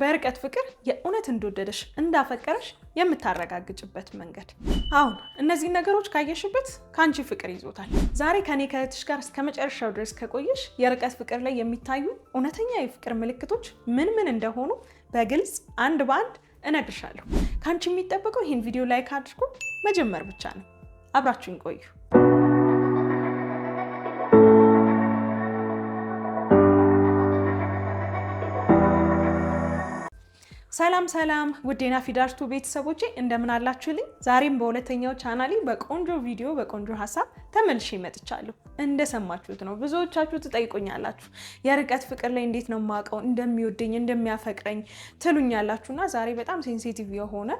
በርቀት ፍቅር የእውነት እንደወደደሽ እንዳፈቀረሽ የምታረጋግጭበት መንገድ። አሁን እነዚህን ነገሮች ካየሽበት ከአንቺ ፍቅር ይዞታል። ዛሬ ከኔ ከእህትሽ ጋር እስከ መጨረሻው ድረስ ከቆየሽ የርቀት ፍቅር ላይ የሚታዩ እውነተኛ የፍቅር ምልክቶች ምን ምን እንደሆኑ በግልጽ አንድ በአንድ እነግርሻለሁ። ከአንቺ የሚጠበቀው ይህን ቪዲዮ ላይክ አድርጎ መጀመር ብቻ ነው። አብራችሁን ቆዩ። ሰላም ሰላም ውዴና ፊዳርቱ ቤተሰቦቼ እንደምን አላችሁልኝ? ዛሬም በሁለተኛው ቻናሌ በቆንጆ ቪዲዮ በቆንጆ ሀሳብ ተመልሼ መጥቻለሁ። እንደሰማችሁት ነው ብዙዎቻችሁ ትጠይቁኛላችሁ፣ የርቀት ፍቅር ላይ እንዴት ነው የማውቀው እንደሚወደኝ እንደሚያፈቅረኝ ትሉኛላችሁና ዛሬ በጣም ሴንሲቲቭ የሆነ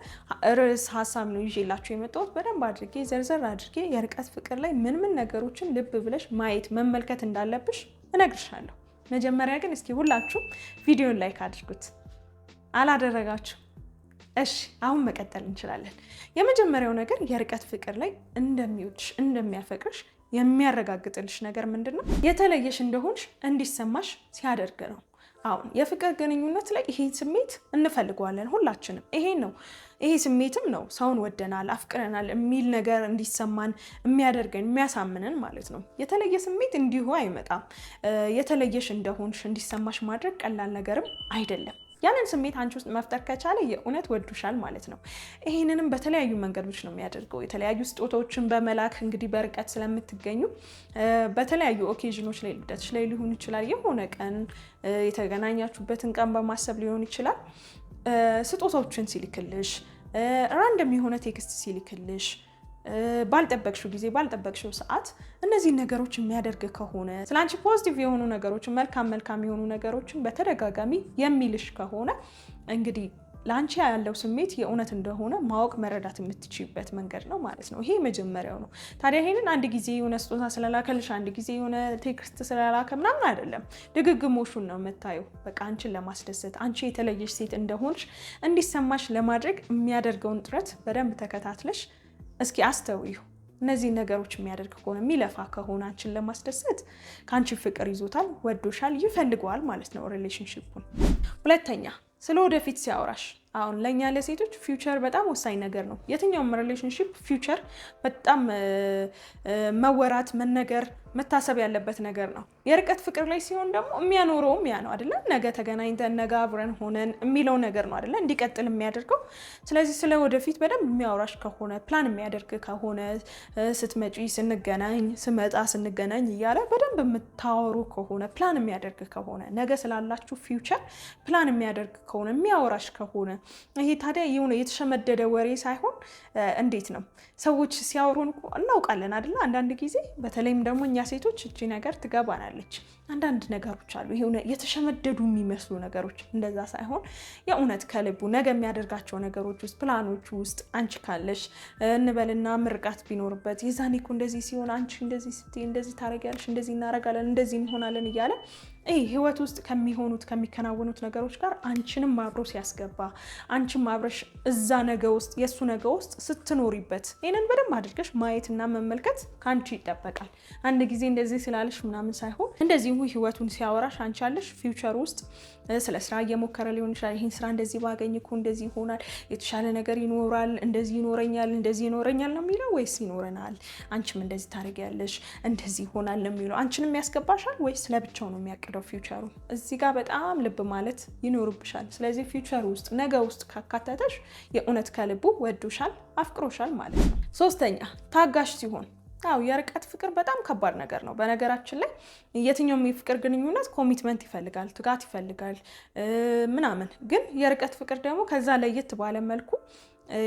ርዕስ ሀሳብ ነው ይዤላችሁ የመጣሁት። በደንብ አድርጌ ዘርዘር አድርጌ የርቀት ፍቅር ላይ ምን ምን ነገሮችን ልብ ብለሽ ማየት መመልከት እንዳለብሽ እነግርሻለሁ። መጀመሪያ ግን እስኪ ሁላችሁ ቪዲዮን ላይክ አድርጉት። አላደረጋችሁ። እሺ አሁን መቀጠል እንችላለን። የመጀመሪያው ነገር የርቀት ፍቅር ላይ እንደሚወድሽ እንደሚያፈቅርሽ የሚያረጋግጥልሽ ነገር ምንድን ነው? የተለየሽ እንደሆንሽ እንዲሰማሽ ሲያደርግ ነው። አሁን የፍቅር ግንኙነት ላይ ይሄን ስሜት እንፈልገዋለን ሁላችንም። ይሄን ነው ይሄ ስሜትም ነው ሰውን ወደናል አፍቅረናል የሚል ነገር እንዲሰማን የሚያደርገን የሚያሳምንን ማለት ነው። የተለየ ስሜት እንዲሁ አይመጣም። የተለየሽ እንደሆንሽ እንዲሰማሽ ማድረግ ቀላል ነገርም አይደለም። ያንን ስሜት አንቺ ውስጥ መፍጠር ከቻለ የእውነት ወዱሻል ማለት ነው። ይህንንም በተለያዩ መንገዶች ነው የሚያደርገው። የተለያዩ ስጦታዎችን በመላክ እንግዲህ በርቀት ስለምትገኙ በተለያዩ ኦኬዥኖች ላይ ልደትሽ ላይ ሊሆን ይችላል፣ የሆነ ቀን የተገናኛችሁበትን ቀን በማሰብ ሊሆን ይችላል። ስጦታዎችን ሲልክልሽ፣ ራንደም የሆነ ቴክስት ሲልክልሽ ባልጠበቅሽው ጊዜ ባልጠበቅሽው ሰዓት እነዚህን ነገሮች የሚያደርግ ከሆነ ስለ አንቺ ፖዚቲቭ የሆኑ ነገሮችን መልካም መልካም የሆኑ ነገሮችን በተደጋጋሚ የሚልሽ ከሆነ እንግዲህ ለአንቺ ያለው ስሜት የእውነት እንደሆነ ማወቅ መረዳት የምትችይበት መንገድ ነው ማለት ነው። ይሄ መጀመሪያው ነው። ታዲያ ይሄንን አንድ ጊዜ የሆነ ስጦታ ስለላከልሽ፣ አንድ ጊዜ የሆነ ቴክስት ስለላከ ምናምን አይደለም። ድግግሞሹን ነው የምታየው። በቃ አንቺን ለማስደሰት አንቺ የተለየሽ ሴት እንደሆንሽ እንዲሰማሽ ለማድረግ የሚያደርገውን ጥረት በደንብ ተከታትለሽ እስኪ አስተውዩ። እነዚህ ነገሮች የሚያደርግ ከሆነ የሚለፋ ከሆነ አንቺን ለማስደሰት ከአንቺን ፍቅር ይዞታል፣ ወዶሻል፣ ይፈልገዋል ማለት ነው ሪሌሽንሽፑን። ሁለተኛ ስለ ወደፊት ሲያወራሽ አሁን ለእኛ ለሴቶች ፊውቸር በጣም ወሳኝ ነገር ነው። የትኛውም ሪሌሽንሽፕ ፊውቸር በጣም መወራት መነገር መታሰብ ያለበት ነገር ነው። የርቀት ፍቅር ላይ ሲሆን ደግሞ የሚያኖረውም ያ ነው አይደለ? ነገ ተገናኝተን ነገ አብረን ሆነን የሚለው ነገር ነው አይደለ? እንዲቀጥል የሚያደርገው። ስለዚህ ስለ ወደፊት በደንብ የሚያወራሽ ከሆነ ፕላን የሚያደርግ ከሆነ ስትመጪ፣ ስንገናኝ፣ ስመጣ፣ ስንገናኝ እያለ በደንብ የምታወሩ ከሆነ ፕላን የሚያደርግ ከሆነ ነገ ስላላችሁ ፊውቸር ፕላን የሚያደርግ ከሆነ የሚያወራሽ ከሆነ ይሄ ታዲያ የሆነ የተሸመደደ ወሬ ሳይሆን እንዴት ነው ሰዎች ሲያወሩን እናውቃለን አይደለ? አንዳንድ ጊዜ በተለይም ደግሞ እኛ ሴቶች እጅ ነገር ትገባናል ትችላለች። አንዳንድ ነገሮች አሉ የተሸመደዱ የሚመስሉ ነገሮች፣ እንደዛ ሳይሆን የእውነት ከልቡ ነገ የሚያደርጋቸው ነገሮች ውስጥ ፕላኖች ውስጥ አንቺ ካለሽ እንበልና ምርቃት ቢኖርበት የዛኔ እኮ እንደዚህ ሲሆን አንቺ እንደዚህ ስትይ እንደዚህ ታረጊያለሽ፣ እንደዚህ እናረጋለን፣ እንደዚህ እንሆናለን እያለ ይህ ህይወት ውስጥ ከሚሆኑት ከሚከናወኑት ነገሮች ጋር አንቺንም አብሮ ሲያስገባ አንቺም አብረሽ እዛ ነገ ውስጥ የእሱ ነገ ውስጥ ስትኖሪበት ይህንን በደንብ አድርገሽ ማየትና መመልከት ከአንቺ ይጠበቃል። አንድ ጊዜ እንደዚህ ስላለሽ ምናምን ሳይሆን እንደዚሁ ህይወቱን ሲያወራሽ አንቺ አለሽ ፊውቸር ውስጥ ስለ ስራ እየሞከረ ሊሆን ይችላል። ይህን ስራ እንደዚህ ባገኝ እኮ እንደዚህ ይሆናል፣ የተሻለ ነገር ይኖራል፣ እንደዚህ ይኖረኛል፣ እንደዚህ ይኖረኛል ነው የሚለው ወይስ ይኖረናል፣ አንቺም እንደዚህ ታደርጊያለሽ፣ እንደዚህ ይሆናል ነው የሚለው አንቺንም ያስገባሻል ወይስ ለብቻው ነው የሚያቅደው? ነው ፊውቸሩ። እዚህ ጋር በጣም ልብ ማለት ይኖርብሻል። ስለዚህ ፊውቸር ውስጥ ነገ ውስጥ ካካተተሽ የእውነት ከልቡ ወዶሻል፣ አፍቅሮሻል ማለት ነው። ሶስተኛ ታጋሽ ሲሆን አው የርቀት ፍቅር በጣም ከባድ ነገር ነው። በነገራችን ላይ የትኛውም የፍቅር ግንኙነት ኮሚትመንት ይፈልጋል፣ ትጋት ይፈልጋል ምናምን። ግን የርቀት ፍቅር ደግሞ ከዛ ለየት ባለ መልኩ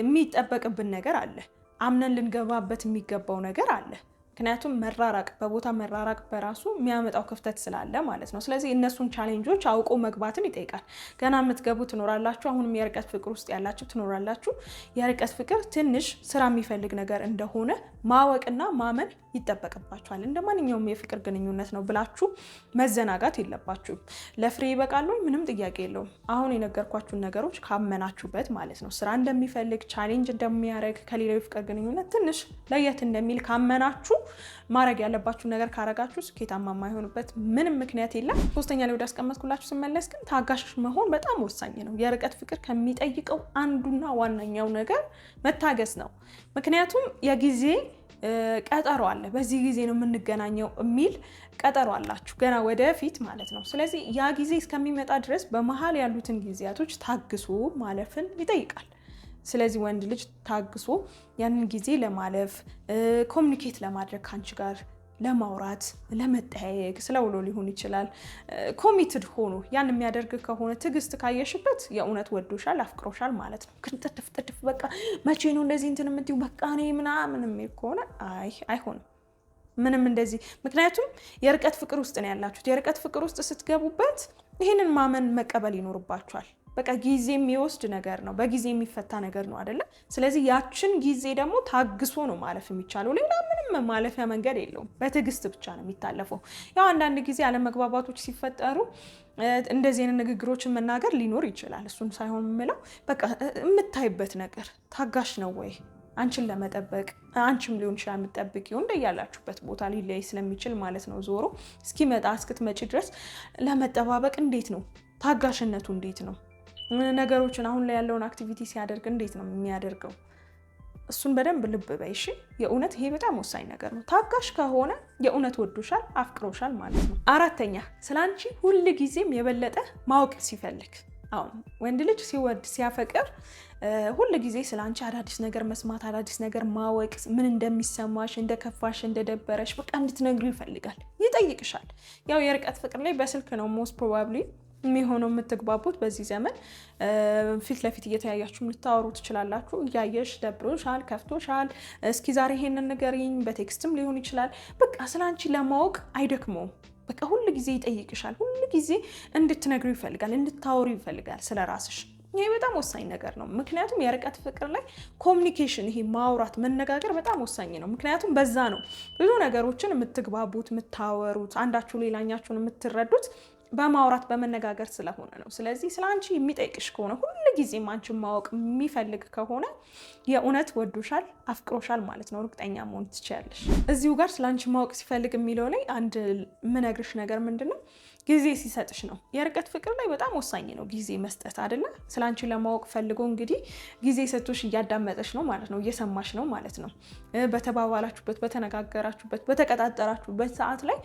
የሚጠበቅብን ነገር አለ፣ አምነን ልንገባበት የሚገባው ነገር አለ። ምክንያቱም መራራቅ በቦታ መራራቅ በራሱ የሚያመጣው ክፍተት ስላለ ማለት ነው። ስለዚህ እነሱን ቻሌንጆች አውቆ መግባትን ይጠይቃል። ገና የምትገቡ ትኖራላችሁ። አሁንም የርቀት ፍቅር ውስጥ ያላችሁ ትኖራላችሁ። የርቀት ፍቅር ትንሽ ስራ የሚፈልግ ነገር እንደሆነ ማወቅና ማመን ይጠበቅባችኋል። እንደ ማንኛውም የፍቅር ግንኙነት ነው ብላችሁ መዘናጋት የለባችሁም። ለፍሬ ይበቃሉ፣ ምንም ጥያቄ የለውም። አሁን የነገርኳችሁን ነገሮች ካመናችሁበት ማለት ነው ስራ እንደሚፈልግ ቻሌንጅ እንደሚያደርግ ከሌላው የፍቅር ግንኙነት ትንሽ ለየት እንደሚል ካመናችሁ ማድረግ ያለባችሁ ነገር ካረጋችሁ ስኬታማ የማይሆኑበት ምንም ምክንያት የለም። ሶስተኛ ላይ ወዳስቀመጥኩላችሁ ስመለስ ግን ታጋሽ መሆን በጣም ወሳኝ ነው። የርቀት ፍቅር ከሚጠይቀው አንዱና ዋነኛው ነገር መታገስ ነው። ምክንያቱም የጊዜ ቀጠሮ አለ። በዚህ ጊዜ ነው የምንገናኘው የሚል ቀጠሮ አላችሁ፣ ገና ወደፊት ማለት ነው። ስለዚህ ያ ጊዜ እስከሚመጣ ድረስ በመሀል ያሉትን ጊዜያቶች ታግሶ ማለፍን ይጠይቃል። ስለዚህ ወንድ ልጅ ታግሶ ያንን ጊዜ ለማለፍ ኮሚኒኬት ለማድረግ ከአንቺ ጋር ለማውራት ለመጠያየቅ ስለውሎ ሊሆን ይችላል። ኮሚትድ ሆኖ ያን የሚያደርግ ከሆነ ትዕግስት ካየሽበት የእውነት ወዶሻል አፍቅሮሻል ማለት ነው። ግን ጥድፍ ጥድፍ በቃ መቼ ነው እንደዚህ እንትን የምትይው በቃ እኔ ምናምን የሚል ከሆነ አይ አይሆንም ምንም እንደዚህ። ምክንያቱም የርቀት ፍቅር ውስጥ ነው ያላችሁት። የርቀት ፍቅር ውስጥ ስትገቡበት ይህንን ማመን መቀበል ይኖርባችኋል። በቃ ጊዜ የሚወስድ ነገር ነው። በጊዜ የሚፈታ ነገር ነው አይደለም። ስለዚህ ያችን ጊዜ ደግሞ ታግሶ ነው ማለፍ የሚቻለው። ሌላ ምንም ማለፊያ መንገድ የለውም። በትዕግስት ብቻ ነው የሚታለፈው። ያው አንዳንድ ጊዜ አለመግባባቶች ሲፈጠሩ እንደዚህ አይነት ንግግሮችን መናገር ሊኖር ይችላል። እሱን ሳይሆን የምለው በቃ የምታይበት ነገር ታጋሽ ነው ወይ አንቺን ለመጠበቅ አንቺም ሊሆን ይችላል የምትጠብቂው እንደያላችሁበት ቦታ ሊለያይ ስለሚችል ማለት ነው። ዞሮ እስኪመጣ እስክትመጪ ድረስ ለመጠባበቅ እንዴት ነው ታጋሽነቱ እንዴት ነው? ነገሮችን አሁን ላይ ያለውን አክቲቪቲ ሲያደርግ እንዴት ነው የሚያደርገው? እሱን በደንብ ልብ በይ እሺ። የእውነት ይሄ በጣም ወሳኝ ነገር ነው። ታጋሽ ከሆነ የእውነት ወዶሻል፣ አፍቅሮሻል ማለት ነው። አራተኛ ስለ አንቺ ሁል ጊዜም የበለጠ ማወቅ ሲፈልግ አሁን ወንድ ልጅ ሲወድ ሲያፈቅር ሁል ጊዜ ስለ አንቺ አዳዲስ ነገር መስማት አዳዲስ ነገር ማወቅ፣ ምን እንደሚሰማሽ፣ እንደከፋሽ፣ እንደደበረሽ በቃ እንድትነግሪው ይፈልጋል፣ ይጠይቅሻል። ያው የርቀት ፍቅር ላይ በስልክ ነው ሞስት ፕሮባብሊ የሚሆነው የምትግባቡት በዚህ ዘመን ፊት ለፊት እየተያያችሁ ልታወሩ ትችላላችሁ። እያየሽ ደብሮሻል፣ ከፍቶሻል፣ እስኪ ዛሬ ይሄንን ንገሪኝ፣ በቴክስትም ሊሆን ይችላል። በቃ ስለ አንቺ ለማወቅ አይደክመውም። በቃ ሁሉ ጊዜ ይጠይቅሻል፣ ሁሉ ጊዜ እንድትነግሩ ይፈልጋል፣ እንድታወሩ ይፈልጋል ስለ ራስሽ። ይህ በጣም ወሳኝ ነገር ነው። ምክንያቱም የርቀት ፍቅር ላይ ኮሚኒኬሽን፣ ይሄ ማውራት፣ መነጋገር በጣም ወሳኝ ነው። ምክንያቱም በዛ ነው ብዙ ነገሮችን የምትግባቡት፣ የምታወሩት፣ አንዳችሁ ሌላኛችሁን የምትረዱት በማውራት በመነጋገር ስለሆነ ነው። ስለዚህ ስለ አንቺ የሚጠይቅሽ ከሆነ ሁሉ ጊዜም አንቺን ማወቅ የሚፈልግ ከሆነ የእውነት ወዶሻል፣ አፍቅሮሻል ማለት ነው። እርግጠኛ መሆን ትችያለሽ። እዚሁ ጋር ስለ አንቺ ማወቅ ሲፈልግ የሚለው ላይ አንድ ምነግርሽ ነገር ምንድን ነው ጊዜ ሲሰጥሽ ነው። የርቀት ፍቅር ላይ በጣም ወሳኝ ነው ጊዜ መስጠት አይደለ? ስለ አንቺ ለማወቅ ፈልጎ እንግዲህ ጊዜ ሰጥቶሽ እያዳመጠሽ ነው ማለት ነው፣ እየሰማሽ ነው ማለት ነው። በተባባላችሁበት፣ በተነጋገራችሁበት፣ በተቀጣጠራችሁበት ሰዓት ላይ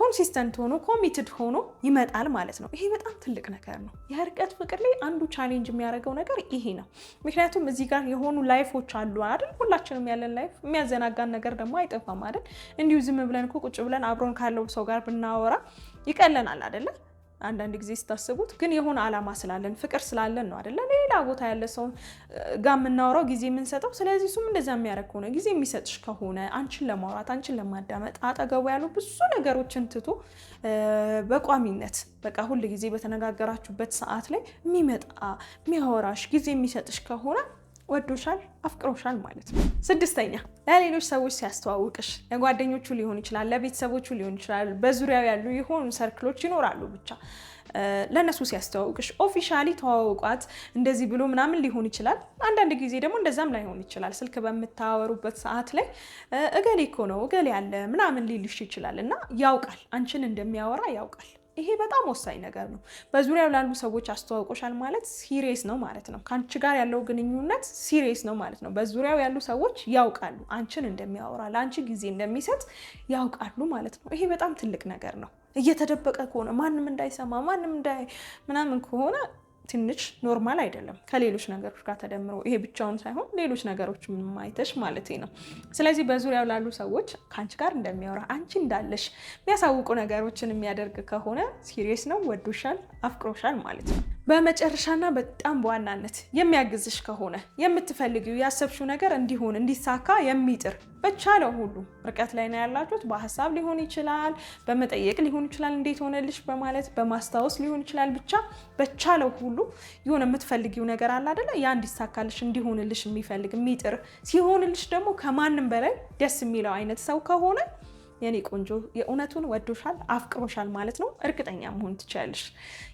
ኮንሲስተንት ሆኖ ኮሚትድ ሆኖ ይመጣል ማለት ነው። ይሄ በጣም ትልቅ ነገር ነው። የርቀት ፍቅር ላይ አንዱ ቻሌንጅ የሚያደርገው ነገር ይሄ ነው። ምክንያቱም እዚህ ጋር የሆኑ ላይፎች አሉ አይደል? ሁላችንም ያለን ላይፍ የሚያዘናጋን ነገር ደግሞ አይጠፋም አይደል? እንዲሁ ዝም ብለን እኮ ቁጭ ብለን አብሮን ካለው ሰው ጋር ብናወራ ይቀለናል አይደለ? አንዳንድ ጊዜ ስታስቡት ግን የሆነ አላማ ስላለን ፍቅር ስላለን ነው አይደለ? ሌላ ቦታ ያለ ሰውን ጋር የምናወራው ጊዜ የምንሰጠው። ስለዚህ እሱም እንደዛ የሚያደርግ ከሆነ ጊዜ የሚሰጥሽ ከሆነ አንቺን ለማውራት አንቺን ለማዳመጥ አጠገቡ ያሉ ብዙ ነገሮችን ትቶ በቋሚነት በቃ ሁል ጊዜ በተነጋገራችሁበት ሰዓት ላይ የሚመጣ የሚያወራሽ ጊዜ የሚሰጥሽ ከሆነ ወዶሻል፣ አፍቅሮሻል ማለት ነው። ስድስተኛ ለሌሎች ሰዎች ሲያስተዋውቅሽ ለጓደኞቹ ሊሆን ይችላል፣ ለቤተሰቦቹ ሊሆን ይችላል፣ በዙሪያው ያሉ የሆኑ ሰርክሎች ይኖራሉ ብቻ ለእነሱ ሲያስተዋውቅሽ ኦፊሻሊ ተዋውቋት እንደዚህ ብሎ ምናምን ሊሆን ይችላል። አንዳንድ ጊዜ ደግሞ እንደዛም ላይሆን ይችላል። ስልክ በምታወሩበት ሰዓት ላይ እገሌ እኮ ነው እገሌ ያለ ምናምን ሊልሽ ይችላል እና ያውቃል፣ አንቺን እንደሚያወራ ያውቃል። ይሄ በጣም ወሳኝ ነገር ነው። በዙሪያው ላሉ ሰዎች አስተዋውቆሻል ማለት ሲሪየስ ነው ማለት ነው። ከአንቺ ጋር ያለው ግንኙነት ሲሪየስ ነው ማለት ነው። በዙሪያው ያሉ ሰዎች ያውቃሉ፣ አንቺን እንደሚያወራ ለአንቺ ጊዜ እንደሚሰጥ ያውቃሉ ማለት ነው። ይሄ በጣም ትልቅ ነገር ነው። እየተደበቀ ከሆነ ማንም እንዳይሰማ ማንም እንዳይ ምናምን ከሆነ ትንሽ ኖርማል አይደለም ከሌሎች ነገሮች ጋር ተደምሮ ይሄ ብቻውን ሳይሆን ሌሎች ነገሮች ማይተሽ ማለት ነው። ስለዚህ በዙሪያው ላሉ ሰዎች ከአንቺ ጋር እንደሚያወራ አንቺ እንዳለሽ የሚያሳውቁ ነገሮችን የሚያደርግ ከሆነ ሲሪየስ ነው፣ ወዶሻል፣ አፍቅሮሻል ማለት ነው። በመጨረሻና በጣም በዋናነት የሚያግዝሽ ከሆነ የምትፈልጊው ያሰብሽው ነገር እንዲሆን እንዲሳካ የሚጥር በቻለው ሁሉ ርቀት ላይ ነው ያላችሁት። በሀሳብ ሊሆን ይችላል፣ በመጠየቅ ሊሆን ይችላል፣ እንዴት ሆነልሽ በማለት በማስታወስ ሊሆን ይችላል። ብቻ በቻለው ሁሉ የሆነ የምትፈልጊው ነገር አለ አደለ? ያ እንዲሳካልሽ እንዲሆንልሽ የሚፈልግ የሚጥር ሲሆንልሽ ደግሞ ከማንም በላይ ደስ የሚለው አይነት ሰው ከሆነ የኔ ቆንጆ የእውነቱን ወዶሻል አፍቅሮሻል ማለት ነው፣ እርግጠኛ መሆን ትችላለሽ።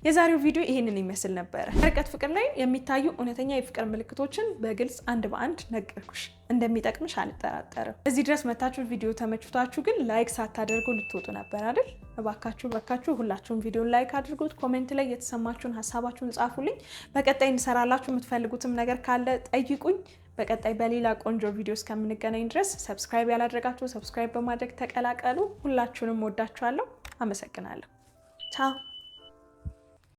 የዛሬው ቪዲዮ ይህንን ይመስል ነበረ። ርቀት ፍቅር ላይ የሚታዩ እውነተኛ የፍቅር ምልክቶችን በግልጽ አንድ በአንድ ነገርኩሽ። እንደሚጠቅምሽ አልጠራጠርም። እዚህ ድረስ መታችሁ ቪዲዮ ተመችቷችሁ ግን ላይክ ሳታደርጉ ልትወጡ ነበር አይደል? እባካችሁ እባካችሁ ሁላችሁም ቪዲዮን ላይክ አድርጉት። ኮሜንት ላይ የተሰማችሁን ሀሳባችሁን ጻፉልኝ። በቀጣይ እንሰራላችሁ የምትፈልጉትም ነገር ካለ ጠይቁኝ። በቀጣይ በሌላ ቆንጆ ቪዲዮ እስከምንገናኝ ድረስ ሰብስክራይብ ያላደረጋችሁ ሰብስክራይብ በማድረግ ተቀላቀሉ። ሁላችሁንም ወዳችኋለሁ። አመሰግናለሁ። ቻው